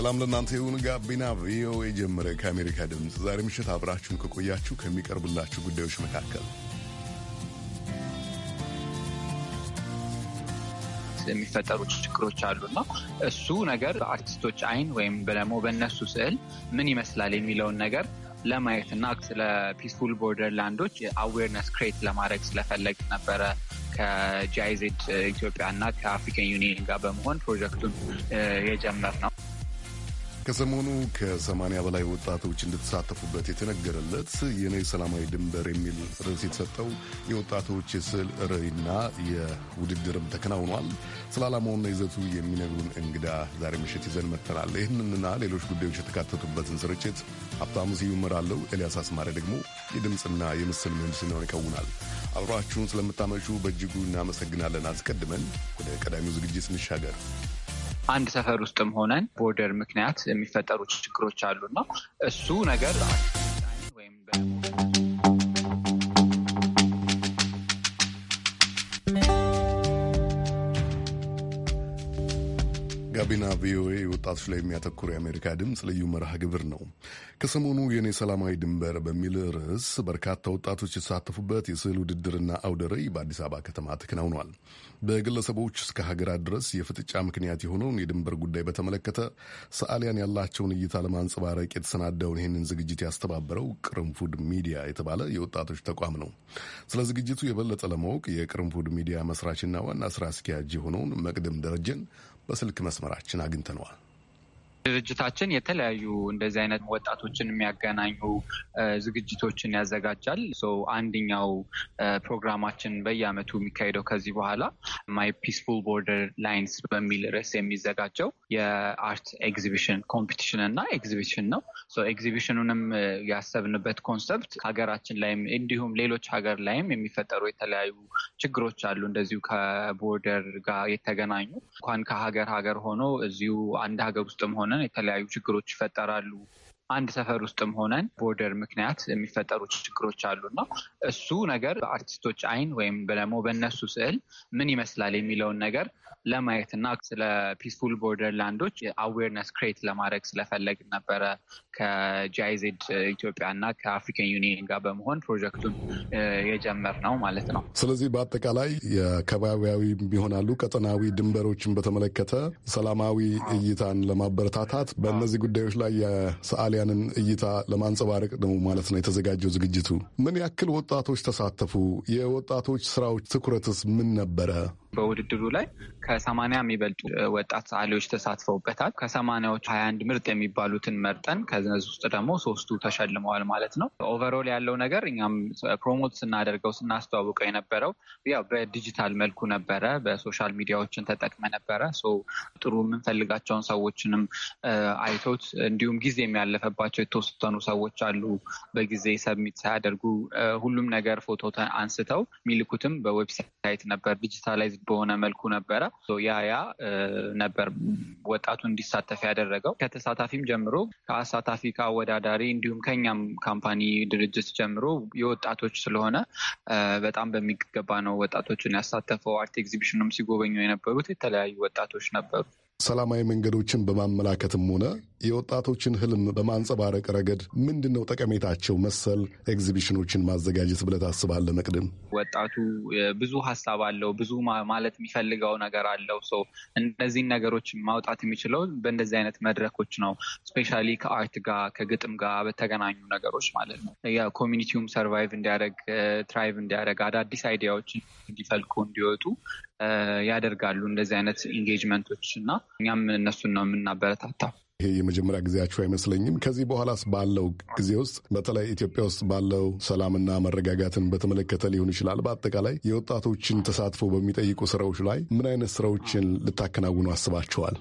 ሰላም ለእናንተ ይሁን። ጋቢና ቪኦኤ ጀመረ። ከአሜሪካ ድምፅ ዛሬ ምሽት አብራችሁን ከቆያችሁ ከሚቀርብላችሁ ጉዳዮች መካከል የሚፈጠሩ ችግሮች አሉና እሱ ነገር በአርቲስቶች አይን ወይም ደግሞ በእነሱ ስዕል ምን ይመስላል የሚለውን ነገር ለማየት እና ስለ ፒስፉል ቦርደር ላንዶች አዌርነስ ክሬት ለማድረግ ስለፈለግ ነበረ ከጂአይዜድ ኢትዮጵያ ከአፍሪካን ዩኒየን ጋር በመሆን ፕሮጀክቱን የጀመር ነው። ከሰሞኑ ከሰማንያ በላይ ወጣቶች እንደተሳተፉበት የተነገረለት የኔ ሰላማዊ ድንበር የሚል ርዕስ የተሰጠው የወጣቶች የስዕል ርዕይና የውድድርም ተከናውኗል። ስለ ዓላማውና ይዘቱ የሚነግሩን እንግዳ ዛሬ ምሽት ይዘን መጥተናል። ይህንንና ሌሎች ጉዳዮች የተካተቱበትን ስርጭት ሀብታሙ ስዩም እመራለሁ። ኤልያስ አስማሪ ደግሞ የድምፅና የምስል ምህንድስናውን ይከውናል። አብሯችሁን ስለምታመሹ በእጅጉ እናመሰግናለን። አስቀድመን ወደ ቀዳሚው ዝግጅት እንሻገር። አንድ ሰፈር ውስጥም ሆነን ቦርደር ምክንያት የሚፈጠሩ ችግሮች አሉና እሱ ነገር ጋቢና ቪኦኤ ወጣቶች ላይ የሚያተኩር የአሜሪካ ድምፅ ልዩ መርሃ ግብር ነው። ከሰሞኑ የእኔ ሰላማዊ ድንበር በሚል ርዕስ በርካታ ወጣቶች የተሳተፉበት የስዕል ውድድርና አውደ ርዕይ በአዲስ አበባ ከተማ ተከናውኗል። በግለሰቦች እስከ ሀገራት ድረስ የፍጥጫ ምክንያት የሆነውን የድንበር ጉዳይ በተመለከተ ሰዓሊያን ያላቸውን እይታ ለማንጸባረቅ የተሰናዳውን ይህንን ዝግጅት ያስተባበረው ቅርንፉድ ሚዲያ የተባለ የወጣቶች ተቋም ነው። ስለ ዝግጅቱ የበለጠ ለማወቅ የቅርንፉድ ሚዲያ መስራችና ዋና ስራ አስኪያጅ የሆነውን መቅደም ደረጀን በስልክ መስመራችን አግኝተነዋል። ድርጅታችን የተለያዩ እንደዚህ አይነት ወጣቶችን የሚያገናኙ ዝግጅቶችን ያዘጋጃል። አንድኛው ፕሮግራማችን በየአመቱ የሚካሄደው ከዚህ በኋላ ማይ ፒስፉል ቦርደር ላይንስ በሚል ርዕስ የሚዘጋጀው የአርት ኤግዚቢሽን ኮምፒቲሽን እና ኤግዚቢሽን ነው። ኤግዚቢሽኑንም ያሰብንበት ኮንሰፕት ሀገራችን ላይም እንዲሁም ሌሎች ሀገር ላይም የሚፈጠሩ የተለያዩ ችግሮች አሉ። እንደዚሁ ከቦርደር ጋር የተገናኙ እንኳን ከሀገር ሀገር ሆኖ እዚሁ አንድ ሀገር ውስጥም ሆነ ሆነን የተለያዩ ችግሮች ይፈጠራሉ አንድ ሰፈር ውስጥም ሆነን ቦርደር ምክንያት የሚፈጠሩ ችግሮች አሉና እሱ ነገር በአርቲስቶች አይን ወይም ደግሞ በእነሱ ስዕል ምን ይመስላል የሚለውን ነገር ለማየት ስለ ፒስፉል ቦርደር ላንዶች አዌርነስ ክሬት ለማድረግ ስለፈለግ ነበረ ከጂአይዜድ ኢትዮጵያ እና ከአፍሪካን ዩኒየን ጋር በመሆን ፕሮጀክቱን የጀመር ነው ማለት ነው። ስለዚህ በአጠቃላይ የከባቢያዊ ይሆናሉ ቀጠናዊ ድንበሮችን በተመለከተ ሰላማዊ እይታን ለማበረታታት በእነዚህ ጉዳዮች ላይ የሰዓሊ የኢትዮጵያውያንን እይታ ለማንጸባረቅ ነው ማለት ነው የተዘጋጀው ዝግጅቱ። ምን ያክል ወጣቶች ተሳተፉ? የወጣቶች ስራዎች ትኩረትስ ምን ነበረ? በውድድሩ ላይ ከሰማንያ የሚበልጡ ወጣት ሰዓሊዎች ተሳትፈውበታል። ከሰማንያዎቹ ሀያ አንድ ምርጥ የሚባሉትን መርጠን ከነዚ ውስጥ ደግሞ ሶስቱ ተሸልመዋል ማለት ነው። ኦቨሮል ያለው ነገር እኛም ፕሮሞት ስናደርገው ስናስተዋውቀው የነበረው ያው በዲጂታል መልኩ ነበረ። በሶሻል ሚዲያዎችን ተጠቅመ ነበረ። ጥሩ የምንፈልጋቸውን ሰዎችንም አይቶት እንዲሁም ጊዜ የሚያለፈባቸው የተወሰኑ ሰዎች አሉ በጊዜ ሰብሚት ሳያደርጉ ሁሉም ነገር ፎቶ አንስተው የሚልኩትም በዌብሳይት ነበር ዲጂታላይዝ በሆነ መልኩ ነበረ። ያ ያ ነበር ወጣቱ እንዲሳተፍ ያደረገው። ከተሳታፊም ጀምሮ ከአሳታፊ ከአወዳዳሪ እንዲሁም ከኛም ካምፓኒ ድርጅት ጀምሮ የወጣቶች ስለሆነ በጣም በሚገባ ነው ወጣቶችን ያሳተፈው። አርት ኤግዚቢሽኑም ሲጎበኙ የነበሩት የተለያዩ ወጣቶች ነበሩ። ሰላማዊ መንገዶችን በማመላከትም ሆነ የወጣቶችን ህልም በማንጸባረቅ ረገድ ምንድን ነው ጠቀሜታቸው? መሰል ኤግዚቢሽኖችን ማዘጋጀት ብለህ ታስባለህ? መቅድም ወጣቱ ብዙ ሀሳብ አለው፣ ብዙ ማለት የሚፈልገው ነገር አለው። ሰው እነዚህን ነገሮች ማውጣት የሚችለው በእንደዚህ አይነት መድረኮች ነው። ስፔሻሊ ከአርት ጋር ከግጥም ጋር በተገናኙ ነገሮች ማለት ነው። ኮሚኒቲውም ሰርቫይቭ እንዲያደርግ ትራይቭ እንዲያደርግ አዳዲስ አይዲያዎች እንዲፈልቁ እንዲወጡ ያደርጋሉ። እንደዚህ አይነት ኢንጌጅመንቶች እና እኛም እነሱን ነው የምናበረታታው። ይሄ የመጀመሪያ ጊዜያቸው አይመስለኝም። ከዚህ በኋላስ ባለው ጊዜ ውስጥ በተለይ ኢትዮጵያ ውስጥ ባለው ሰላምና መረጋጋትን በተመለከተ ሊሆን ይችላል፣ በአጠቃላይ የወጣቶችን ተሳትፎ በሚጠይቁ ስራዎች ላይ ምን አይነት ስራዎችን ልታከናውኑ አስባችኋል?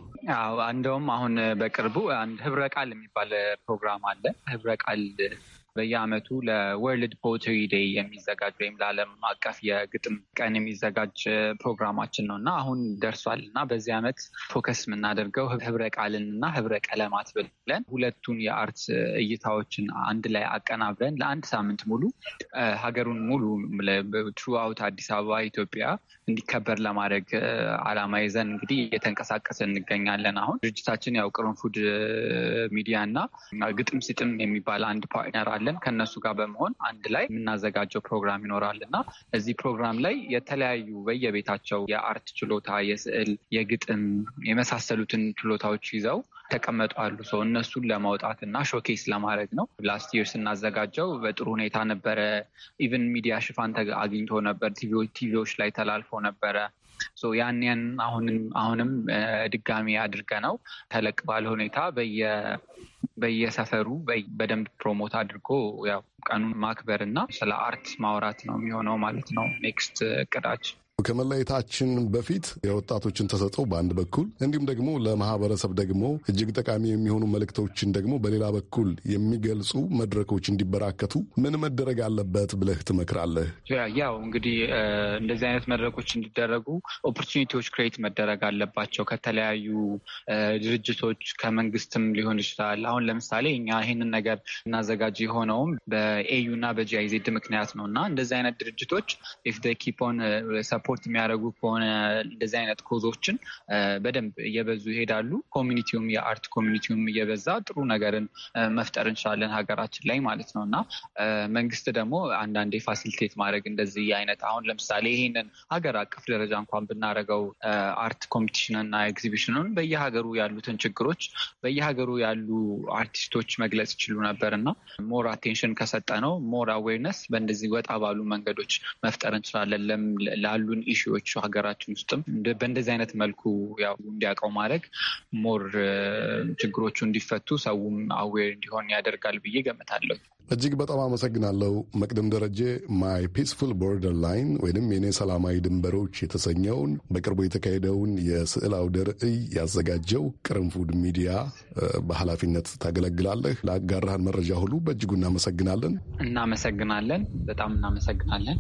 እንደውም አሁን በቅርቡ አንድ ህብረ ቃል የሚባል ፕሮግራም አለ። ህብረ ቃል በየአመቱ ለወርልድ ፖትሪ ዴይ የሚዘጋጅ ወይም ለአለም አቀፍ የግጥም ቀን የሚዘጋጅ ፕሮግራማችን ነው እና አሁን ደርሷል እና በዚህ አመት ፎከስ የምናደርገው ህብረ ቃልን እና ህብረ ቀለማት ብለን ሁለቱን የአርት እይታዎችን አንድ ላይ አቀናብረን ለአንድ ሳምንት ሙሉ ሀገሩን ሙሉ አውት አዲስ አበባ ኢትዮጵያ እንዲከበር ለማድረግ አላማ ይዘን እንግዲህ እየተንቀሳቀስ እንገኛለን። አሁን ድርጅታችን ያው ቅርንፉድ ሚዲያ እና ግጥም ሲጥም የሚባል አንድ ፓርትነር አለ አለን። ከነሱ ጋር በመሆን አንድ ላይ የምናዘጋጀው ፕሮግራም ይኖራል እና እዚህ ፕሮግራም ላይ የተለያዩ በየቤታቸው የአርት ችሎታ፣ የስዕል፣ የግጥም የመሳሰሉትን ችሎታዎች ይዘው ተቀመጡ አሉ። ሰው እነሱን ለማውጣት እና ሾኬስ ለማድረግ ነው። ላስት ይር ስናዘጋጀው በጥሩ ሁኔታ ነበረ። ኢቨን ሚዲያ ሽፋን አግኝቶ ነበር። ቲቪዎች ላይ ተላልፎ ነበረ። ያን ያን አሁንም አሁንም ድጋሚ አድርገ ነው ተለቅ ባለ ሁኔታ በየ በየሰፈሩ በደንብ ፕሮሞት አድርጎ ያው ቀኑን ማክበር እና ስለ አርት ማውራት ነው የሚሆነው ማለት ነው ኔክስት እቅዳችን። ከመለየታችን በፊት የወጣቶችን ተሰጥኦ በአንድ በኩል እንዲሁም ደግሞ ለማህበረሰብ ደግሞ እጅግ ጠቃሚ የሚሆኑ መልእክቶችን ደግሞ በሌላ በኩል የሚገልጹ መድረኮች እንዲበራከቱ ምን መደረግ አለበት ብለህ ትመክራለህ? ያው እንግዲህ እንደዚህ አይነት መድረኮች እንዲደረጉ ኦፖርቹኒቲዎች ክሬት መደረግ አለባቸው። ከተለያዩ ድርጅቶች ከመንግስትም ሊሆን ይችላል። አሁን ለምሳሌ እኛ ይህንን ነገር እናዘጋጅ የሆነውም በኤዩ እና በጂአይዜድ ምክንያት ነው እና እንደዚህ አይነት ድርጅቶች ኢፍ ኪፖን ሰፖ ሰፖርት የሚያደርጉ ከሆነ እንደዚህ አይነት ኮዞችን በደንብ እየበዙ ይሄዳሉ። ኮሚኒቲውም የአርት ኮሚኒቲውም እየበዛ ጥሩ ነገርን መፍጠር እንችላለን ሀገራችን ላይ ማለት ነው እና መንግስት ደግሞ አንዳንዴ ፋሲሊቴት ማድረግ እንደዚህ አይነት አሁን ለምሳሌ ይሄንን ሀገር አቀፍ ደረጃ እንኳን ብናደርገው አርት ኮምፒቲሽንና ኤግዚቢሽኑን በየሀገሩ ያሉትን ችግሮች በየሀገሩ ያሉ አርቲስቶች መግለጽ ይችሉ ነበር እና ሞር አቴንሽን ከሰጠ ነው ሞር አዌርነስ በእንደዚህ ወጣ ባሉ መንገዶች መፍጠር እንችላለን ላሉ ኢሹዎች ሀገራችን ውስጥም በእንደዚህ አይነት መልኩ ያው እንዲያውቀው ማድረግ ሞር ችግሮቹ እንዲፈቱ ሰውም አዌር እንዲሆን ያደርጋል ብዬ ገምታለሁ። እጅግ በጣም አመሰግናለሁ። መቅደም ደረጀ ማይ ፒስፉል ቦርደር ላይን ወይንም የኔ ሰላማዊ ድንበሮች የተሰኘውን በቅርቡ የተካሄደውን የስዕል አውደ ርዕይ ያዘጋጀው ቅርንፉድ ሚዲያ በኃላፊነት ታገለግላለህ። ለአጋራህን መረጃ ሁሉ በእጅጉ እናመሰግናለን። እናመሰግናለን። በጣም እናመሰግናለን።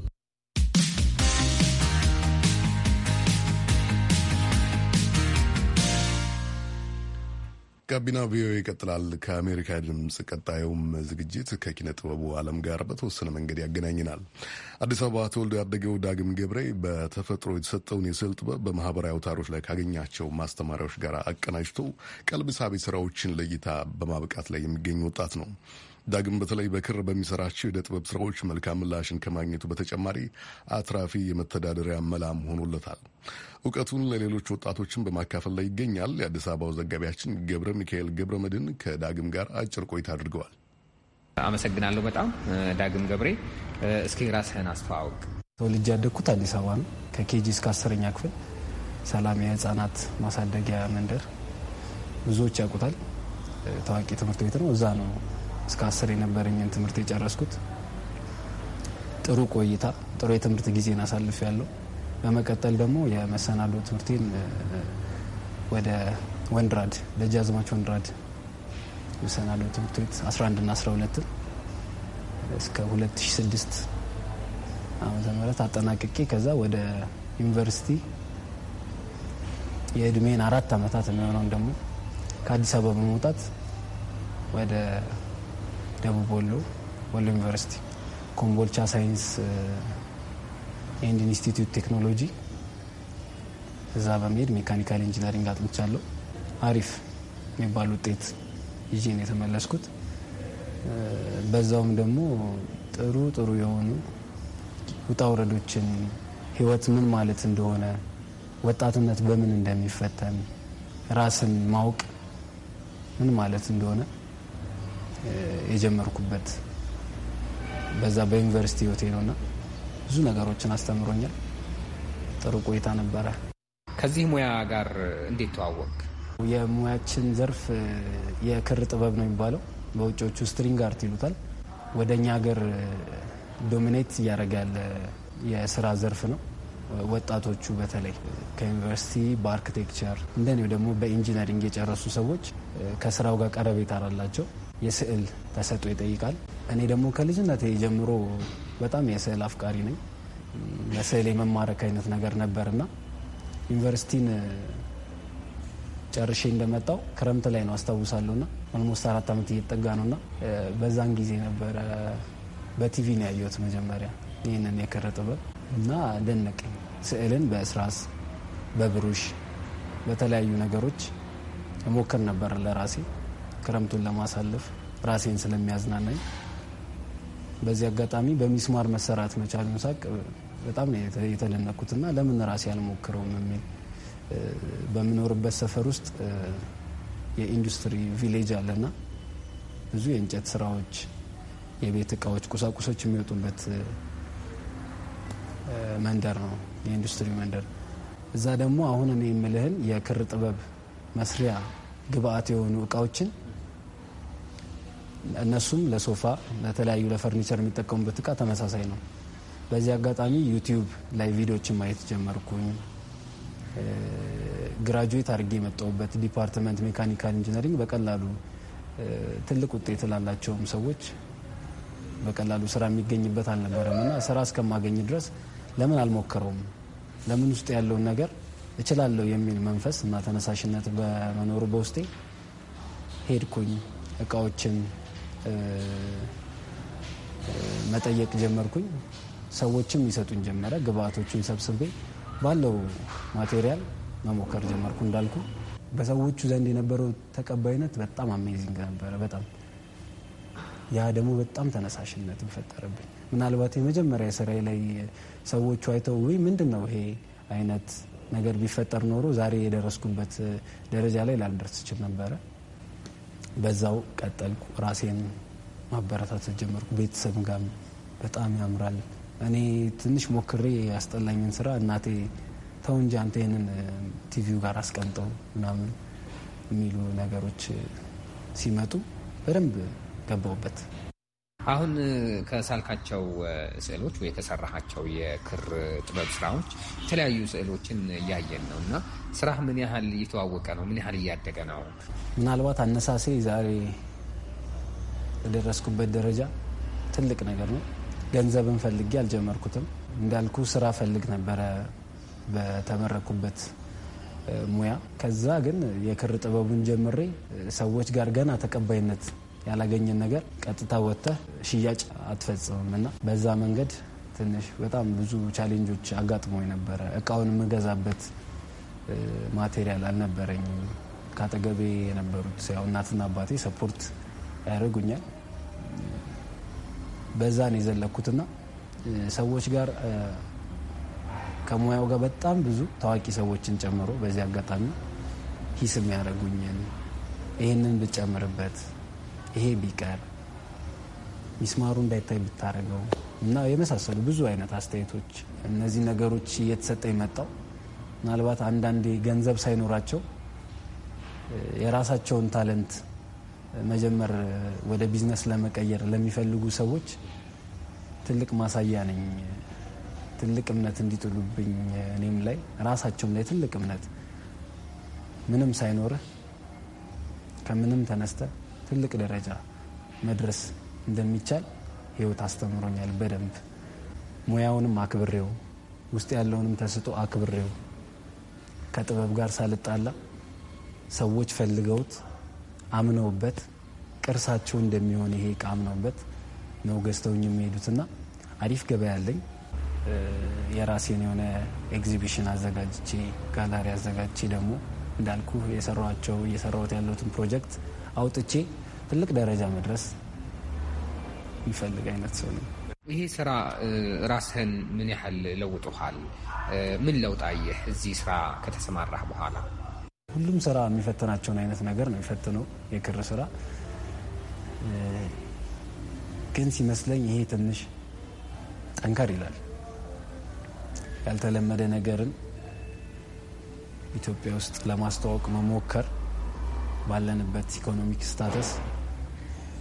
ጋቢና ቪኦኤ ይቀጥላል። ከአሜሪካ ድምፅ ቀጣዩም ዝግጅት ከኪነ ጥበቡ ዓለም ጋር በተወሰነ መንገድ ያገናኝናል። አዲስ አበባ ተወልዶ ያደገው ዳግም ገብሬ በተፈጥሮ የተሰጠውን የስዕል ጥበብ በማህበራዊ አውታሮች ላይ ካገኛቸው ማስተማሪያዎች ጋር አቀናጅቶ ቀልብ ሳቢ ስራዎችን ለእይታ በማብቃት ላይ የሚገኝ ወጣት ነው። ዳግም በተለይ በክር በሚሰራቸው የዕደ ጥበብ ስራዎች መልካም ምላሽን ከማግኘቱ በተጨማሪ አትራፊ የመተዳደሪያ መላም ሆኖለታል። እውቀቱን ለሌሎች ወጣቶችን በማካፈል ላይ ይገኛል። የአዲስ አበባው ዘጋቢያችን ገብረ ሚካኤል ገብረ መድን ከዳግም ጋር አጭር ቆይታ አድርገዋል። አመሰግናለሁ በጣም ዳግም ገብሬ። እስኪ ራስህን አስተዋውቅ። ተወልጄ ያደግኩት አዲስ አበባ ነው። ከኬጂ እስከ አስረኛ ክፍል ሰላም የህፃናት ማሳደጊያ መንደር ብዙዎች ያውቁታል። ታዋቂ ትምህርት ቤት ነው። እዛ ነው እስከ አስር የነበረኝን ትምህርት የጨረስኩት ጥሩ ቆይታ ጥሩ የትምህርት ጊዜን አሳልፍ ያለው። በመቀጠል ደግሞ የመሰናዶ ትምህርቴን ወደ ወንድራድ ደጃዝማች ወንድራድ መሰናዶ ትምህርት ቤት 11 ና 12 እስከ 2006 ዓመተ ምህረት አጠናቅቄ ከዛ ወደ ዩኒቨርሲቲ የእድሜን አራት ዓመታት የሚሆነውን ደግሞ ከአዲስ አበባ በመውጣት ወደ ደቡብ ወሎ ወሎ ዩኒቨርሲቲ ኮምቦልቻ ሳይንስ ኤንድ ኢንስቲትዩት ቴክኖሎጂ እዛ በመሄድ ሜካኒካል ኢንጂነሪንግ አጥንቻለሁ። አሪፍ የሚባል ውጤት ይዤ ነው የተመለስኩት። በዛውም ደግሞ ጥሩ ጥሩ የሆኑ ውጣ ውረዶችን ህይወት ምን ማለት እንደሆነ ወጣትነት በምን እንደሚፈተን ራስን ማወቅ ምን ማለት እንደሆነ የጀመርኩበት በዛ በዩኒቨርሲቲ ህይወቴ ነውና ብዙ ነገሮችን አስተምሮኛል። ጥሩ ቆይታ ነበረ። ከዚህ ሙያ ጋር እንዴት ተዋወቅ? የሙያችን ዘርፍ የክር ጥበብ ነው የሚባለው። በውጮቹ ስትሪንግ አርት ይሉታል። ወደ እኛ ሀገር ዶሚኔት እያደረገ ያለ የስራ ዘርፍ ነው። ወጣቶቹ በተለይ ከዩኒቨርሲቲ በአርክቴክቸር እንደኔው ደግሞ በኢንጂነሪንግ የጨረሱ ሰዎች ከስራው ጋር ቀረቤት አላቸው። የስዕል ተሰጥቶ ይጠይቃል። እኔ ደግሞ ከልጅነት ጀምሮ በጣም የስዕል አፍቃሪ ነኝ። ለስዕል የመማረክ አይነት ነገር ነበርና ዩኒቨርሲቲን ጨርሼ እንደመጣው ክረምት ላይ ነው አስታውሳለሁና ኦልሞስት አራት ዓመት እየጠጋ ነውና በዛን ጊዜ ነበረ በቲቪ ነው ያየሁት መጀመሪያ ይህንን የክር ጥበብ እና ደነቀኝ። ስዕልን በእስራስ በብሩሽ በተለያዩ ነገሮች እሞክር ነበር ለራሴ ክረምቱን ለማሳለፍ ራሴን ስለሚያዝናናኝ በዚህ አጋጣሚ በሚስማር መሰራት መቻሉን ሳቅ በጣም የተደነኩትና ለምን ራሴ አልሞክረውም የሚል በምኖርበት ሰፈር ውስጥ የኢንዱስትሪ ቪሌጅ አለና ብዙ የእንጨት ስራዎች፣ የቤት እቃዎች፣ ቁሳቁሶች የሚወጡበት መንደር ነው፣ የኢንዱስትሪ መንደር። እዛ ደግሞ አሁን እኔ የምልህን የክር ጥበብ መስሪያ ግብአት የሆኑ እቃዎችን እነሱም ለሶፋ ለተለያዩ ለፈርኒቸር የሚጠቀሙበት እቃ ተመሳሳይ ነው። በዚህ አጋጣሚ ዩቲዩብ ላይ ቪዲዮዎችን ማየት ጀመርኩኝ። ግራጁዌት አድርጌ የመጣሁበት ዲፓርትመንት ሜካኒካል ኢንጂነሪንግ በቀላሉ ትልቅ ውጤት ላላቸውም ሰዎች በቀላሉ ስራ የሚገኝበት አልነበረም እና ስራ እስከማገኝ ድረስ ለምን አልሞከረውም? ለምን ውስጥ ያለውን ነገር እችላለሁ የሚል መንፈስ እና ተነሳሽነት በመኖሩ በውስጤ ሄድኩኝ እቃዎችን መጠየቅ ጀመርኩኝ። ሰዎችም ይሰጡኝ ጀመረ። ግብአቶቹን ሰብስቤ ባለው ማቴሪያል መሞከር ጀመርኩ። እንዳልኩ በሰዎቹ ዘንድ የነበረው ተቀባይነት በጣም አሜዚንግ ነበረ። በጣም ያ ደግሞ በጣም ተነሳሽነት ፈጠረብኝ። ምናልባት የመጀመሪያ ስራዬ ላይ ሰዎቹ አይተው ወይ ምንድን ነው ይሄ አይነት ነገር ቢፈጠር ኖሮ ዛሬ የደረስኩበት ደረጃ ላይ ላልደርስ ነበረ። በዛው ቀጠልኩ። ራሴን ማበረታታት ጀመርኩ። ቤተሰብ ጋር በጣም ያምራል። እኔ ትንሽ ሞክሬ ያስጠላኝን ስራ እናቴ ተው እንጂ አንተ ይህንን ቲቪው ጋር አስቀምጠው ምናምን የሚሉ ነገሮች ሲመጡ በደንብ ገባውበት። አሁን ከሳልካቸው ስዕሎች ወይ ከሰራሃቸው የክር ጥበብ ስራዎች የተለያዩ ስዕሎችን እያየን ነው እና ስራህ ምን ያህል እየተዋወቀ ነው? ምን ያህል እያደገ ነው? ምናልባት አነሳሴ ዛሬ የደረስኩበት ደረጃ ትልቅ ነገር ነው። ገንዘብን ፈልጌ አልጀመርኩትም። እንዳልኩ ስራ ፈልግ ነበረ በተመረኩበት ሙያ። ከዛ ግን የክር ጥበቡን ጀምሬ ሰዎች ጋር ገና ተቀባይነት ያላገኘን ነገር ቀጥታ ወጥተህ ሽያጭ አትፈጽምም እና በዛ መንገድ ትንሽ በጣም ብዙ ቻሌንጆች አጋጥሞኝ የነበረ እቃውን የምገዛበት ማቴሪያል አልነበረኝም። ካጠገቤ የነበሩት ያው እናትና አባቴ ሰፖርት ያደርጉኛል። በዛ ነው የዘለኩትና ሰዎች ጋር ከሙያው ጋር በጣም ብዙ ታዋቂ ሰዎችን ጨምሮ በዚህ አጋጣሚ ሂስም ያደረጉኝን ይህንን ብጨምርበት ይሄ ቢቀር ሚስማሩ እንዳይታይ ብታደርገው እና የመሳሰሉ ብዙ አይነት አስተያየቶች፣ እነዚህ ነገሮች እየተሰጠ የመጣው ምናልባት አንዳንዴ ገንዘብ ሳይኖራቸው የራሳቸውን ታለንት መጀመር ወደ ቢዝነስ ለመቀየር ለሚፈልጉ ሰዎች ትልቅ ማሳያ ነኝ። ትልቅ እምነት እንዲጥሉብኝ እኔም ላይ ራሳቸውም ላይ ትልቅ እምነት ምንም ሳይኖርህ ከምንም ተነስተ ትልቅ ደረጃ መድረስ እንደሚቻል ህይወት አስተምሮኛል። በደንብ ሙያውንም አክብሬው ውስጥ ያለውንም ተስጦ አክብሬው ከጥበብ ጋር ሳልጣላ ሰዎች ፈልገውት አምነውበት ቅርሳቸው እንደሚሆን ይሄ እቃ አምነውበት ነው ገዝተውኝ የሚሄዱትና አሪፍ ገበያ ያለኝ የራሴን የሆነ ኤግዚቢሽን አዘጋጅቼ ጋላሪ አዘጋጅቼ ደግሞ እንዳልኩ የሰራቸው እየሰራሁት ያለሁትን ፕሮጀክት አውጥቼ ትልቅ ደረጃ መድረስ የሚፈልግ አይነት ሰው ነው። ይሄ ስራ ራስህን ምን ያህል ለውጡሃል? ምን ለውጥ አየህ እዚህ ስራ ከተሰማራህ በኋላ? ሁሉም ስራ የሚፈትናቸውን አይነት ነገር ነው የሚፈትነው። የክር ስራ ግን ሲመስለኝ ይሄ ትንሽ ጠንከር ይላል። ያልተለመደ ነገርን ኢትዮጵያ ውስጥ ለማስተዋወቅ መሞከር ባለንበት ኢኮኖሚክ ስታተስ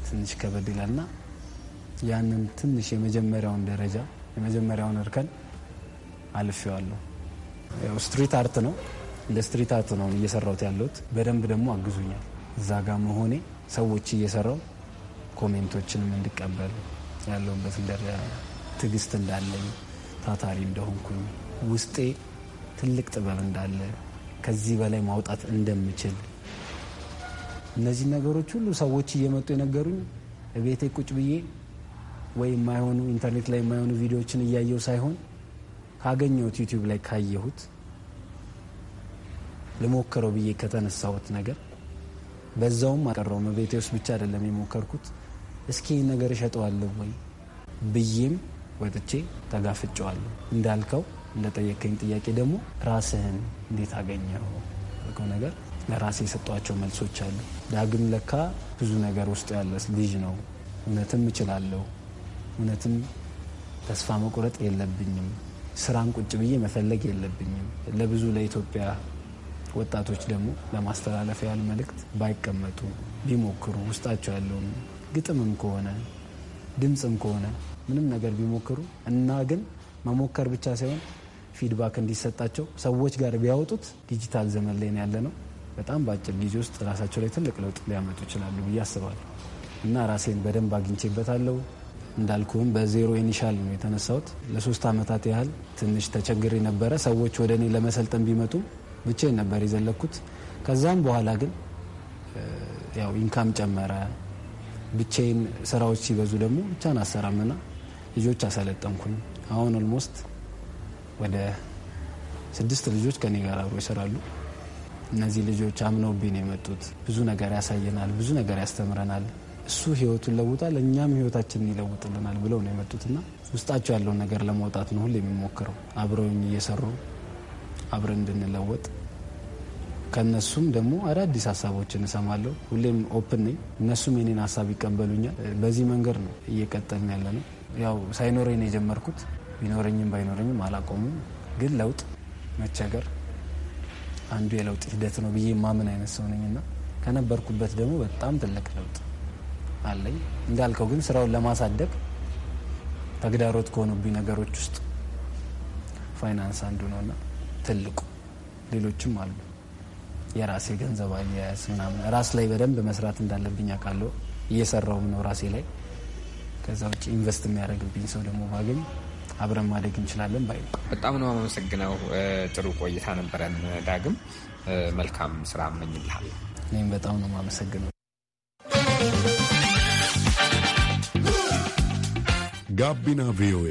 ትንሽ ከበድ ይላልና ያንን ትንሽ የመጀመሪያውን ደረጃ የመጀመሪያውን እርከን አልፌዋለሁ። ያው ስትሪት አርት ነው፣ እንደ ስትሪት አርት ነው እየሰራሁት ያለሁት። በደንብ ደግሞ አግዙኛል እዛ ጋር መሆኔ ሰዎች እየሰራው ኮሜንቶችንም እንድቀበል ያለውበት ደረጃ ትዕግስት እንዳለኝ ታታሪ እንደሆንኩኝ ውስጤ ትልቅ ጥበብ እንዳለ ከዚህ በላይ ማውጣት እንደምችል እነዚህ ነገሮች ሁሉ ሰዎች እየመጡ የነገሩኝ ቤቴ ቁጭ ብዬ ወይ የማይሆኑ ኢንተርኔት ላይ የማይሆኑ ቪዲዮዎችን እያየው ሳይሆን ካገኘሁት ዩቲዩብ ላይ ካየሁት ልሞክረው ብዬ ከተነሳሁት ነገር በዛውም አቀረው ቤቴ ውስጥ ብቻ አይደለም የሞከርኩት። እስኪ ነገር እሸጠዋለሁ ወይ ብዬም ወጥቼ ተጋፍጨዋለሁ። እንዳልከው እንደጠየከኝ ጥያቄ ደግሞ ራስህን እንዴት አገኘው ነገር ለራሴ የሰጧቸው መልሶች አሉ። ዳግም ለካ ብዙ ነገር ውስጥ ያለ ልጅ ነው። እውነትም እችላለሁ፣ እውነትም ተስፋ መቁረጥ የለብኝም፣ ስራን ቁጭ ብዬ መፈለግ የለብኝም። ለብዙ ለኢትዮጵያ ወጣቶች ደግሞ ለማስተላለፍ ያህል መልእክት ባይቀመጡ ቢሞክሩ ውስጣቸው ያለውን ግጥምም ከሆነ ድምፅም ከሆነ ምንም ነገር ቢሞክሩ እና ግን መሞከር ብቻ ሳይሆን ፊድባክ እንዲሰጣቸው ሰዎች ጋር ቢያወጡት ዲጂታል ዘመን ላይ ያለ ነው። በጣም በአጭር ጊዜ ውስጥ ራሳቸው ላይ ትልቅ ለውጥ ሊያመጡ ይችላሉ ብዬ አስባለሁ እና ራሴን በደንብ አግኝቼበታለሁ። እንዳልኩም በዜሮ ኢኒሻል ነው የተነሳሁት። ለሶስት ዓመታት ያህል ትንሽ ተቸግሬ ነበረ። ሰዎች ወደ እኔ ለመሰልጠን ቢመጡ ብቻዬን ነበር የዘለኩት። ከዛም በኋላ ግን ያው ኢንካም ጨመረ። ብቻዬን ስራዎች ሲበዙ ደግሞ ብቻን አሰራምና ልጆች አሰለጠንኩኝ። አሁን ኦልሞስት ወደ ስድስት ልጆች ከኔ ጋር አብሮ ይሰራሉ። እነዚህ ልጆች አምነውብን የመጡት ብዙ ነገር ያሳየናል፣ ብዙ ነገር ያስተምረናል፣ እሱ ህይወቱን ለውጣል፣ እኛም ህይወታችንን ይለውጥልናል ብለው ነው የመጡትና ውስጣቸው ያለውን ነገር ለማውጣት ነው ሁሌ የሚሞክረው። አብረውኝ እየሰሩ አብረን እንድንለወጥ ከነሱም ደግሞ አዳዲስ ሀሳቦችን እሰማለሁ። ሁሌም ኦፕን ነኝ። እነሱም የኔን ሀሳብ ይቀበሉኛል። በዚህ መንገድ ነው እየቀጠልን ያለ ነው። ያው ሳይኖረኝ ነው የጀመርኩት። ቢኖረኝም ባይኖረኝም አላቆሙም። ግን ለውጥ መቸገር አንዱ የለውጥ ሂደት ነው ብዬ ማምን አይነት ሰው ነኝ እና ከነበርኩበት ደግሞ በጣም ትልቅ ለውጥ አለኝ። እንዳልከው ግን ስራውን ለማሳደግ ተግዳሮት ከሆኑብኝ ነገሮች ውስጥ ፋይናንስ አንዱ ነውና ትልቁ፣ ሌሎችም አሉ። የራሴ ገንዘብ አያያዝ ምናምን ራስ ላይ በደንብ መስራት እንዳለብኝ አውቃለሁ። እየሰራውም ነው ራሴ ላይ። ከዛ ውጭ ኢንቨስት የሚያደርግብኝ ሰው ደግሞ ባገኝ አብረን ማደግ እንችላለን ባይ በጣም ነው አመሰግነው። ጥሩ ቆይታ ነበረን። ዳግም መልካም ስራ እመኝልሃለሁ። እኔም በጣም ነው አመሰግነው። ጋቢና ቪኦኤ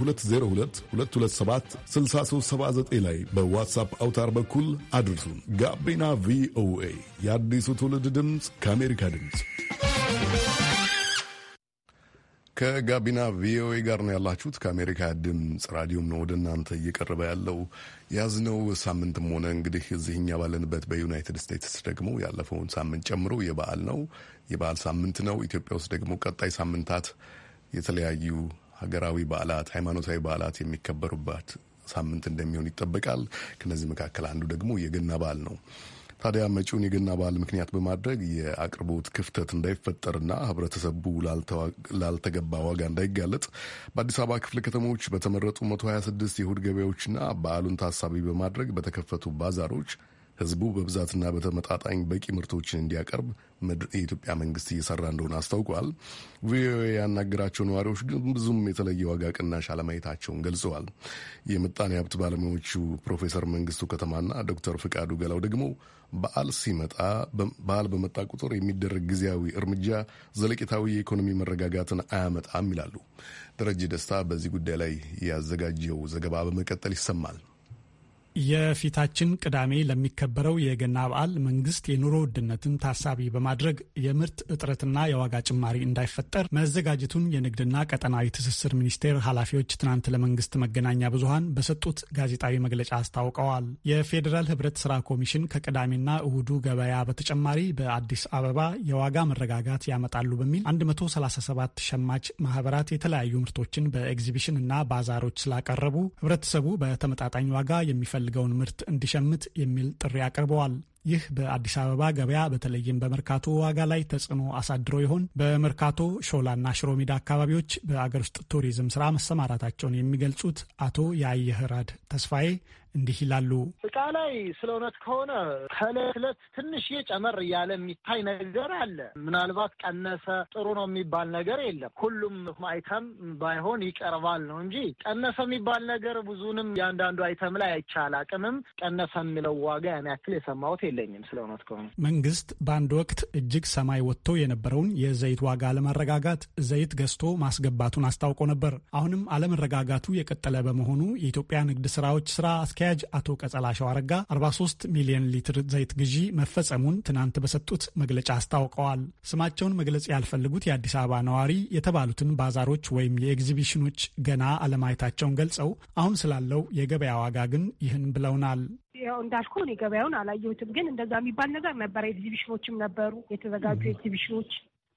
በ2022276379 ላይ በዋትሳፕ አውታር በኩል አድርሱን። ጋቢና ቪኦኤ የአዲሱ ትውልድ ድምፅ ከአሜሪካ ድምፅ። ከጋቢና ቪኦኤ ጋር ነው ያላችሁት። ከአሜሪካ ድምፅ ራዲዮም ነው ወደ እናንተ እየቀረበ ያለው። ያዝነው ሳምንትም ሆነ እንግዲህ እዚህ እኛ ባለንበት በዩናይትድ ስቴትስ ደግሞ ያለፈውን ሳምንት ጨምሮ የበዓል ነው የበዓል ሳምንት ነው። ኢትዮጵያ ውስጥ ደግሞ ቀጣይ ሳምንታት የተለያዩ ሀገራዊ በዓላት፣ ሃይማኖታዊ በዓላት የሚከበሩባት ሳምንት እንደሚሆን ይጠበቃል። ከነዚህ መካከል አንዱ ደግሞ የገና በዓል ነው። ታዲያ መጪውን የገና በዓል ምክንያት በማድረግ የአቅርቦት ክፍተት እንዳይፈጠርና ህብረተሰቡ ላልተገባ ዋጋ እንዳይጋለጥ በአዲስ አበባ ክፍለ ከተሞች በተመረጡ 126 የእሁድ ገበያዎችና በዓሉን ታሳቢ በማድረግ በተከፈቱ ባዛሮች ህዝቡ በብዛትና በተመጣጣኝ በቂ ምርቶችን እንዲያቀርብ የኢትዮጵያ መንግስት እየሰራ እንደሆነ አስታውቋል። ቪኦኤ ያናገራቸው ነዋሪዎች ግን ብዙም የተለየ ዋጋ ቅናሽ አለማየታቸውን ገልጸዋል። የምጣኔ ሀብት ባለሙያዎቹ ፕሮፌሰር መንግስቱ ከተማና ዶክተር ፍቃዱ ገላው ደግሞ በዓል ሲመጣ በዓል በመጣ ቁጥር የሚደረግ ጊዜያዊ እርምጃ ዘለቄታዊ የኢኮኖሚ መረጋጋትን አያመጣም ይላሉ። ደረጀ ደስታ በዚህ ጉዳይ ላይ ያዘጋጀው ዘገባ በመቀጠል ይሰማል። የፊታችን ቅዳሜ ለሚከበረው የገና በዓል መንግስት የኑሮ ውድነትን ታሳቢ በማድረግ የምርት እጥረትና የዋጋ ጭማሪ እንዳይፈጠር መዘጋጀቱን የንግድና ቀጠናዊ ትስስር ሚኒስቴር ኃላፊዎች ትናንት ለመንግስት መገናኛ ብዙኃን በሰጡት ጋዜጣዊ መግለጫ አስታውቀዋል። የፌዴራል ህብረት ስራ ኮሚሽን ከቅዳሜና እሁዱ ገበያ በተጨማሪ በአዲስ አበባ የዋጋ መረጋጋት ያመጣሉ በሚል 137 ሸማች ማህበራት የተለያዩ ምርቶችን በኤግዚቢሽን እና ባዛሮች ስላቀረቡ ህብረተሰቡ በተመጣጣኝ ዋጋ የሚፈ የሚፈልገውን ምርት እንዲሸምት የሚል ጥሪ አቅርበዋል። ይህ በአዲስ አበባ ገበያ በተለይም በመርካቶ ዋጋ ላይ ተጽዕኖ አሳድሮ ይሆን? በመርካቶ ሾላና ሽሮሜዳ አካባቢዎች በአገር ውስጥ ቱሪዝም ስራ መሰማራታቸውን የሚገልጹት አቶ የአየህራድ ተስፋዬ እንዲህ ይላሉ። እቃ ላይ ስለ እውነት ከሆነ ከዕለት ዕለት ትንሽ ጨመር እያለ የሚታይ ነገር አለ። ምናልባት ቀነሰ ጥሩ ነው የሚባል ነገር የለም። ሁሉም አይተም ባይሆን ይቀርባል ነው እንጂ ቀነሰ የሚባል ነገር ብዙንም የአንዳንዱ አይተም ላይ አይቻል አቅምም ቀነሰ የሚለው ዋጋ ያን ያክል የሰማሁት የለኝም ስለ እውነት ከሆነ። መንግስት በአንድ ወቅት እጅግ ሰማይ ወጥቶ የነበረውን የዘይት ዋጋ አለመረጋጋት ዘይት ገዝቶ ማስገባቱን አስታውቆ ነበር። አሁንም አለመረጋጋቱ የቀጠለ በመሆኑ የኢትዮጵያ ንግድ ስራዎች ስራ አስኪያጅ አቶ ቀጸላሸው አረጋ 43 ሚሊዮን ሊትር ዘይት ግዢ መፈጸሙን ትናንት በሰጡት መግለጫ አስታውቀዋል። ስማቸውን መግለጽ ያልፈልጉት የአዲስ አበባ ነዋሪ የተባሉትን ባዛሮች ወይም የኤግዚቢሽኖች ገና አለማየታቸውን ገልጸው አሁን ስላለው የገበያ ዋጋ ግን ይህን ብለውናል። ያው እንዳልኩ እኔ ገበያውን አላየሁትም፣ ግን እንደዛ የሚባል ነገር ነበረ። ኤግዚቢሽኖችም ነበሩ የተዘጋጁ ኤግዚቢሽኖች።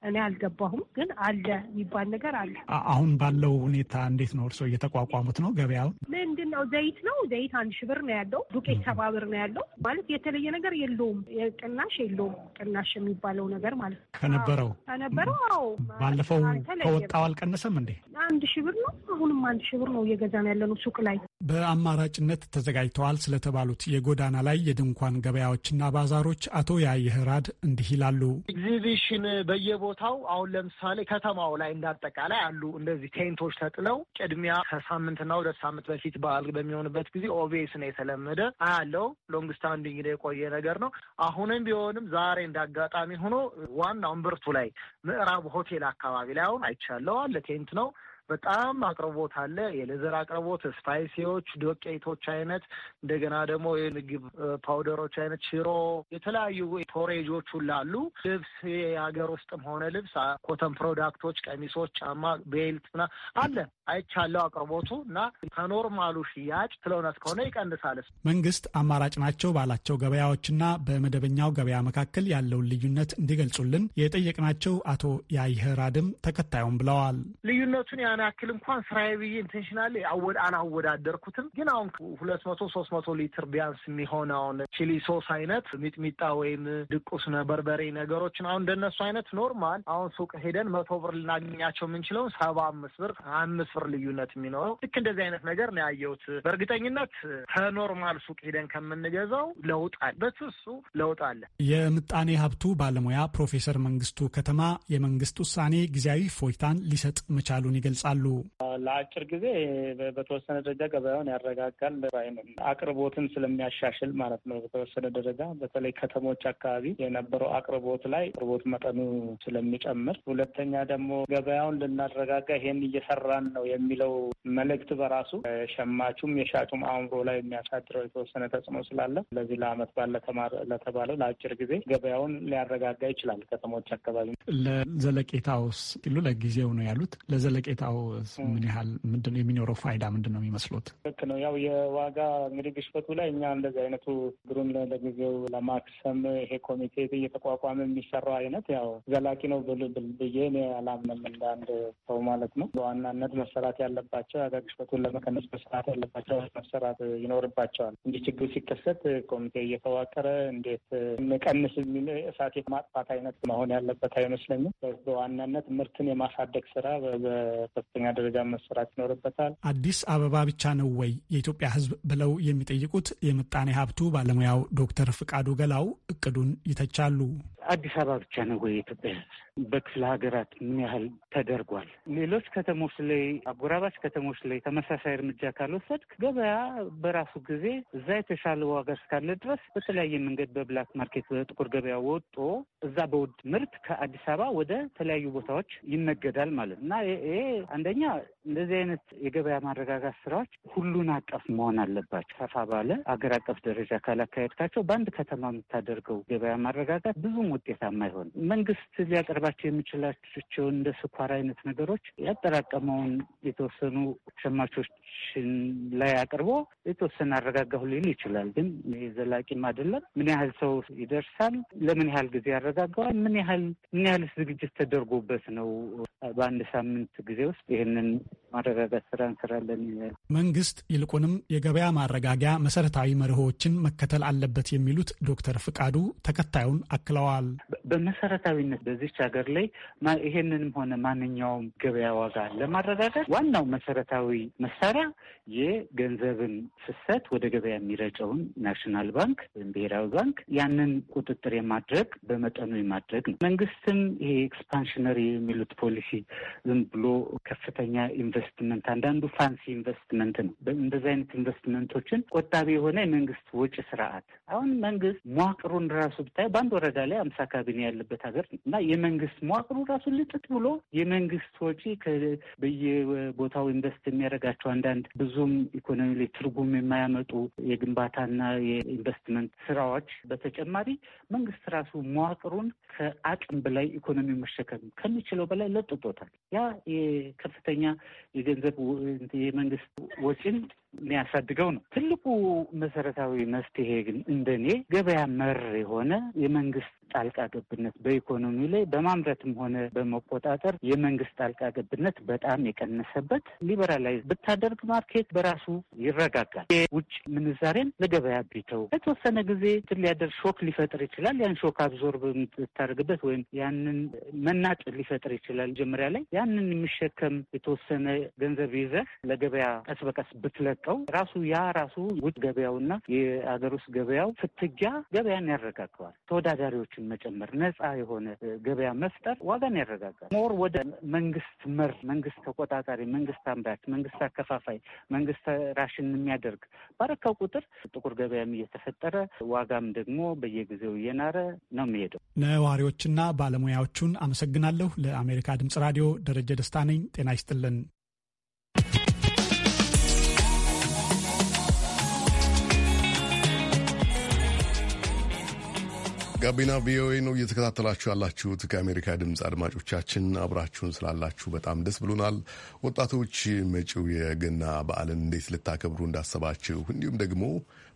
እኔ አልገባሁም፣ ግን አለ የሚባል ነገር አለ። አሁን ባለው ሁኔታ እንዴት ነው እርስዎ እየተቋቋሙት ነው? ገበያው ምንድን ነው? ዘይት ነው። ዘይት አንድ ሺህ ብር ነው ያለው። ዱቄት ሰባ ብር ነው ያለው። ማለት የተለየ ነገር የለውም፣ ቅናሽ የለውም። ቅናሽ የሚባለው ነገር ማለት ነው ከነበረው ከነበረው። አዎ ባለፈው ከወጣው አልቀነሰም እንዴ? አንድ ሺህ ብር ነው። አሁንም አንድ ሺህ ብር ነው እየገዛን ያለነው ሱቅ ላይ በአማራጭነት ተዘጋጅተዋል ስለተባሉት የጎዳና ላይ የድንኳን ገበያዎችና ባዛሮች አቶ ያየህ ራድ እንዲህ ይላሉ። ኤግዚቢሽን በየቦታው አሁን ለምሳሌ ከተማው ላይ እንዳጠቃላይ አሉ እንደዚህ ቴንቶች ተጥለው ቅድሚያ ከሳምንትና ወደ ሳምንት በፊት በዓል በሚሆንበት ጊዜ ኦቤስ ነው የተለመደ አያለው ሎንግ ስታንዲንግ የቆየ ነገር ነው። አሁንም ቢሆንም ዛሬ እንዳጋጣሚ ሆኖ ዋናውን ብርቱ ላይ ምዕራብ ሆቴል አካባቢ ላይ አሁን አይቻለው አለ ቴንት ነው በጣም አቅርቦት አለ። የሌዘር አቅርቦት፣ ስፓይሲዎች፣ ዶቄቶች አይነት እንደገና ደግሞ የምግብ ፓውደሮች አይነት ሽሮ፣ የተለያዩ ፖሬጆች ሁሉ አሉ። ልብስ የሀገር ውስጥም ሆነ ልብስ ኮተን ፕሮዳክቶች፣ ቀሚሶች፣ ጫማ፣ ቤልት ና አለ። አይቻለው አቅርቦቱ እና ከኖርማሉ ሽያጭ ስለሆነ እስከሆነ ይቀንሳል። መንግስት አማራጭ ናቸው ባላቸው ገበያዎችና በመደበኛው ገበያ መካከል ያለውን ልዩነት እንዲገልጹልን የጠየቅናቸው አቶ ያይህራድም ተከታዩም ብለዋል። ልዩነቱን ያን ያክል እንኳን ስራዬ ብዬ ኢንቴንሽናሊ አላወዳደርኩትም። ግን አሁን ሁለት መቶ ሶስት መቶ ሊትር ቢያንስ የሚሆነውን ቺሊ ሶስ አይነት ሚጥሚጣ ወይም ድቁስ በርበሬ ነገሮችን አሁን እንደነሱ አይነት ኖርማል አሁን ሱቅ ሄደን መቶ ብር ልናገኛቸው የምንችለውን ሰባ አምስት ብር አምስት ብር ልዩነት የሚኖረው ልክ እንደዚህ አይነት ነገር ነው ያየሁት። በእርግጠኝነት ከኖርማል ሱቅ ሄደን ከምንገዛው ለውጥ አለ፣ በትሱ ለውጥ አለ። የምጣኔ ሀብቱ ባለሙያ ፕሮፌሰር መንግስቱ ከተማ የመንግስት ውሳኔ ጊዜያዊ ፎይታን ሊሰጥ መቻሉን ይገልጻል። ይገልጻሉ። ለአጭር ጊዜ በተወሰነ ደረጃ ገበያውን ያረጋጋል። አቅርቦትን ስለሚያሻሽል ማለት ነው። በተወሰነ ደረጃ በተለይ ከተሞች አካባቢ የነበረው አቅርቦት ላይ አቅርቦት መጠኑ ስለሚጨምር፣ ሁለተኛ ደግሞ ገበያውን ልናረጋጋ ይሄን እየሰራን ነው የሚለው መልእክት በራሱ ሸማቹም የሻጩም አእምሮ ላይ የሚያሳድረው የተወሰነ ተጽዕኖ ስላለ ለዚህ ለአመት ባል ለተባለው ለአጭር ጊዜ ገበያውን ሊያረጋጋ ይችላል ከተሞች አካባቢ። ለዘለቄታውስ ሲሉ ለጊዜው ነው ያሉት። ለዘለቄታው የሚሰራው ምን ያህል ምንድነው የሚኖረው ፋይዳ ምንድን ነው የሚመስሉት? ልክ ነው። ያው የዋጋ እንግዲህ ግሽበቱ ላይ እኛ እንደዚህ አይነቱ ብሩን ለጊዜው ለማክሰም ይሄ ኮሚቴ እየተቋቋመ የሚሰራው አይነት ያው ዘላቂ ነው ብዬ እኔ አላምንም፣ እንደ አንድ ሰው ማለት ነው። በዋናነት መሰራት ያለባቸው የዋጋ ግሽበቱን ለመቀነስ መሰራት ያለባቸው መሰራት ይኖርባቸዋል እንጂ ችግር ሲከሰት ኮሚቴ እየተዋቀረ እንዴት መቀንስ የሚል እሳት ማጥፋት አይነት መሆን ያለበት አይመስለኝም። በዋናነት ምርትን የማሳደግ ስራ በከፍተኛ ደረጃ መሰራት ይኖርበታል። አዲስ አበባ ብቻ ነው ወይ የኢትዮጵያ ሕዝብ ብለው የሚጠይቁት የምጣኔ ሀብቱ ባለሙያው ዶክተር ፍቃዱ ገላው እቅዱን ይተቻሉ። አዲስ አበባ ብቻ ነው ወይ የኢትዮጵያ ሕዝብ በክፍለ ሀገራት ምን ያህል ተደርጓል? ሌሎች ከተሞች ላይ አጎራባች ከተሞች ላይ ተመሳሳይ እርምጃ ካልወሰድክ ገበያ በራሱ ጊዜ እዛ የተሻለ ዋጋ እስካለ ድረስ በተለያየ መንገድ በብላክ ማርኬት በጥቁር ገበያ ወጦ እዛ በውድ ምርት ከአዲስ አበባ ወደ ተለያዩ ቦታዎች ይነገዳል ማለት እና ይሄ አንደኛ እንደዚህ አይነት የገበያ ማረጋጋት ስራዎች ሁሉን አቀፍ መሆን አለባቸው። ሰፋ ባለ አገር አቀፍ ደረጃ ካላካሄድካቸው በአንድ ከተማ የምታደርገው ገበያ ማረጋጋት ብዙም ውጤታማ አይሆን መንግስት ሊያቀርባቸው የሚችላቸው እንደ ስኳር አይነት ነገሮች ያጠራቀመውን የተወሰኑ ሸማቾችን ላይ አቅርቦ የተወሰነ አረጋጋሁ ሊል ይችላል። ግን ዘላቂም አይደለም። ምን ያህል ሰው ይደርሳል? ለምን ያህል ጊዜ ያረጋገዋል? ምን ያህል ምን ያህል ዝግጅት ተደርጎበት ነው በአንድ ሳምንት ጊዜ ውስጥ ይህንን ማረጋጋት ስራ እንሰራለን ይላል መንግስት። ይልቁንም የገበያ ማረጋጊያ መሰረታዊ መርሆችን መከተል አለበት የሚሉት ዶክተር ፍቃዱ ተከታዩን አክለዋል። በመሰረታዊነት በዚች ሀገር ላይ ይሄንንም ሆነ ማንኛውም ገበያ ዋጋ ለማረጋጋት ዋናው መሰረታዊ መሳሪያ የገንዘብን ፍሰት ወደ ገበያ የሚረጨውን ናሽናል ባንክ ወይም ብሔራዊ ባንክ ያንን ቁጥጥር የማድረግ በመጠኑ የማድረግ ነው። መንግስትም ይሄ ኤክስፓንሽነሪ የሚሉት ፖሊሲ ዝም ብሎ ከፍተኛ ኢንቨስትመንት አንዳንዱ ፋንሲ ኢንቨስትመንት ነው። እንደዚህ አይነት ኢንቨስትመንቶችን ቆጣቢ የሆነ የመንግስት ወጪ ስርዓት አሁን መንግስት መዋቅሩን ራሱ ብታይ በአንድ ወረዳ ላይ አምሳ ካቢኔ ያለበት ሀገር ነው እና የመንግስት መዋቅሩ ራሱ ልጥጥ ብሎ የመንግስት ወጪ በየቦታው ኢንቨስት የሚያደርጋቸው አንዳንድ ብዙም ኢኮኖሚ ላይ ትርጉም የማያመጡ የግንባታና የኢንቨስትመንት ስራዎች በተጨማሪ መንግስት ራሱ መዋቅሩን ከአቅም በላይ ኢኮኖሚ መሸከም ከሚችለው በላይ ለጥጦታል። ያ ከፍተኛ የገንዘብ የመንግስት ወጪን የሚያሳድገው ነው። ትልቁ መሰረታዊ መፍትሄ ግን እንደኔ ገበያ መር የሆነ የመንግስት ጣልቃ ገብነት በኢኮኖሚ ላይ በማምረትም ሆነ በመቆጣጠር የመንግስት ጣልቃ ገብነት በጣም የቀነሰበት ሊበራላይዝ ብታደርግ ማርኬት በራሱ ይረጋጋል። የውጭ ምንዛሬን ለገበያ ቢተው በተወሰነ ጊዜ ትል ሊያደር ሾክ ሊፈጥር ይችላል። ያን ሾክ አብዞር በምታደርግበት ወይም ያንን መናጭ ሊፈጥር ይችላል። መጀመሪያ ላይ ያንን የሚሸከም የተወሰነ ገንዘብ ይዘህ ለገበያ ቀስ በቀስ ብትለቅ የሚሸጠው ራሱ ያ ራሱ ውጭ ገበያውና የአገር ውስጥ ገበያው ፍትጊያ ገበያን ያረጋጋዋል። ተወዳዳሪዎችን መጨመር፣ ነጻ የሆነ ገበያ መፍጠር ዋጋን ያረጋጋል። ሞር ወደ መንግስት መር መንግስት ተቆጣጣሪ፣ መንግስት አምራች፣ መንግስት አከፋፋይ፣ መንግስት ራሽን የሚያደርግ ባረካው ቁጥር ጥቁር ገበያም እየተፈጠረ ዋጋም ደግሞ በየጊዜው እየናረ ነው የሚሄደው። ነዋሪዎችና ባለሙያዎቹን አመሰግናለሁ። ለአሜሪካ ድምጽ ራዲዮ ደረጀ ደስታ ነኝ። ጤና ይስጥልን። ጋቢና ቪኦኤ ነው እየተከታተላችሁ ያላችሁት። ከአሜሪካ ድምፅ አድማጮቻችን አብራችሁን ስላላችሁ በጣም ደስ ብሎናል። ወጣቶች መጪው የገና በዓልን እንዴት ልታከብሩ እንዳሰባችሁ እንዲሁም ደግሞ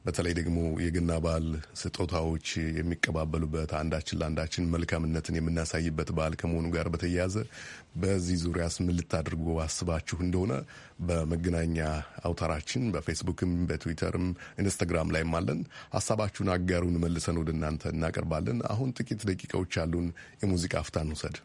በተለይ ደግሞ የገና በዓል ስጦታዎች የሚቀባበሉበት አንዳችን ለአንዳችን መልካምነትን የምናሳይበት በዓል ከመሆኑ ጋር በተያያዘ በዚህ ዙሪያስ ምን ልታደርጉ አስባችሁ እንደሆነ በመገናኛ አውታራችን በፌስቡክም፣ በትዊተርም ኢንስታግራም ላይም አለን። ሀሳባችሁን አጋሩን መልሰን ወደ እናንተ እናቀርባለን። አሁን ጥቂት ደቂቃዎች ያሉን የሙዚቃ ፍታን ውሰድ።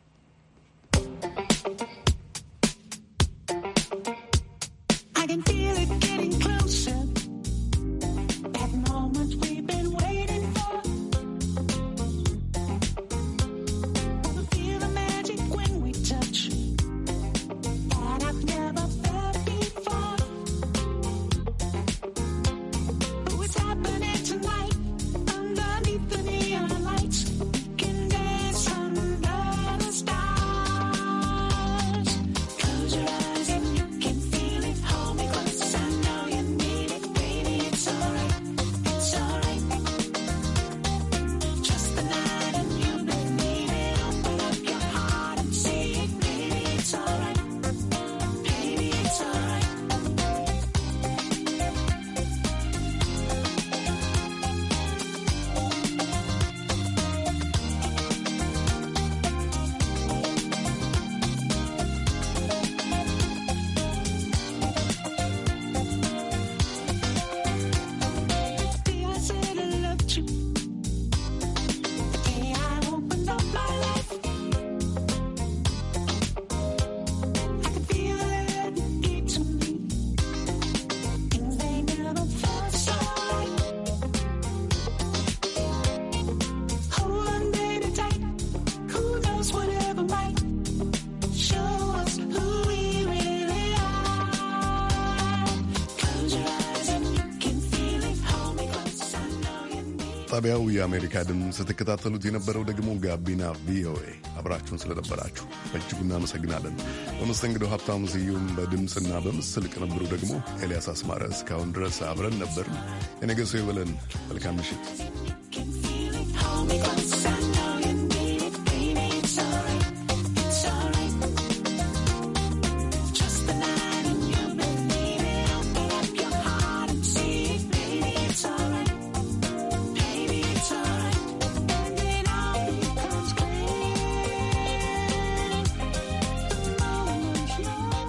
ጣቢያው የአሜሪካ ድምፅ ስትከታተሉት የነበረው ደግሞ ጋቢና ቪኦኤ። አብራችሁን ስለነበራችሁ በእጅጉ እናመሰግናለን። በመስተንግዶ ሀብታሙ ስዩም፣ በድምፅና በምስል ቅንብሩ ደግሞ ኤልያስ አስማረ። እስካሁን ድረስ አብረን ነበርን። የነገ ሰው ይበለን። መልካም ምሽት።